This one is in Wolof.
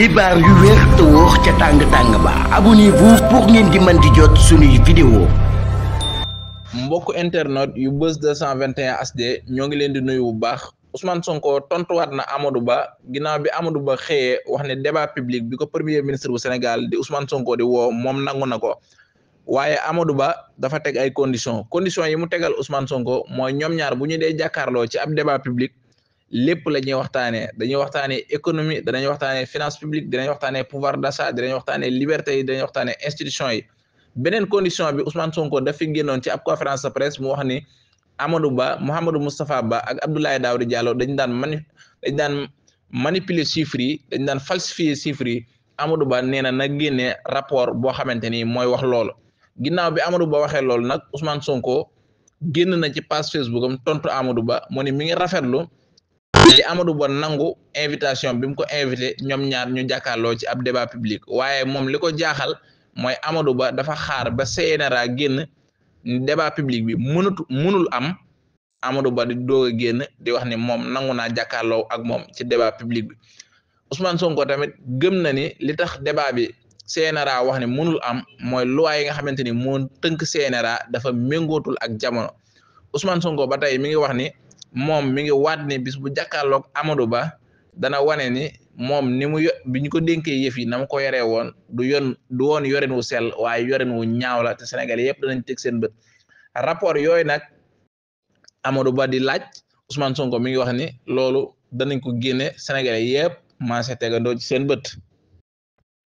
xibaar yu wér te wóor ca tàng tàng ba abonnez-vous pour ngeen di mën di jot suñuy vidéo mbokk internet yu Buzz 221 HD ñoo ngi leen di nuyu bu baax usman Sonko tontuwaat na Amadou Ba ginnaaw bi Amadou Ba xëyee wax ne débat public bi ko premier ministre bu Sénégal di Ousmane Sonko di woo moom nangu na ko waaye Amadou Ba dafa teg ay condition conditions yi mu tegal Ousmane Sonko mooy ñoom ñaar bu ñu dee jàkkaarloo ci ab débat public lépp la ñuy waxtaanee dañuy waxtaanee économie danañ waxtaanee finance publique dinañ waxtaanee pouvoir d'achat dinañ waxtaanee liberté yi dinañ waxtaanee institution yi beneen condition bi Ousmane Sonko daf fi génnoon ci ab conférence de presse mu wax ni Amadou Ba Moustapha Ba ak Abdoulaye daoudi Diallo dañ daan mani dañ daan manipuler chiffres yi dañ daan falsifier chiffres yi Amadou Ba nee na na rapport boo xamante ni mooy wax loolu ginnaaw bi Amadou Ba waxee loolu nag Ousmane Sonko génn na ci page Facebook am tontu Amadou Ba mu ni mi ngi rafetlu. li Amadou Ba nangu invitation bi mu ko invité ñoom ñaar ñu jàkkaarloo ci ab débat public waaye moom li ko jaaxal mooy Amadou dafa xaar ba CNRA génn débat public bi mënut mënul am Amadou Ba di génn di wax ni moom nangu naa jàkkaarloo ak moom ci débat public bi Ousmane Sonko tamit gëm na ni li tax débat bi CNRA wax ne mënul am mooy loi yi nga xamante ni moo tënk CNRA dafa méngootul ak jamono Ousmane Sonko ba tey mi ngi moom mi ngi waat ne bis bu jàkkaarloog Amadou Ba dana wane ni moom ni mu yo bi ñu ko dénkee yëf yi na ko yoree woon du yoon du woon yorin wu sell waaye yorin wu ñaaw la te Sénégal yëpp danañ teg seen bët rapport yooyu nag Amadou Ba di laaj Ousmane Sonko mi ngi wax ni loolu danañ ko génne Sénégal yëpp maa ngi tegandoo ci seen bët.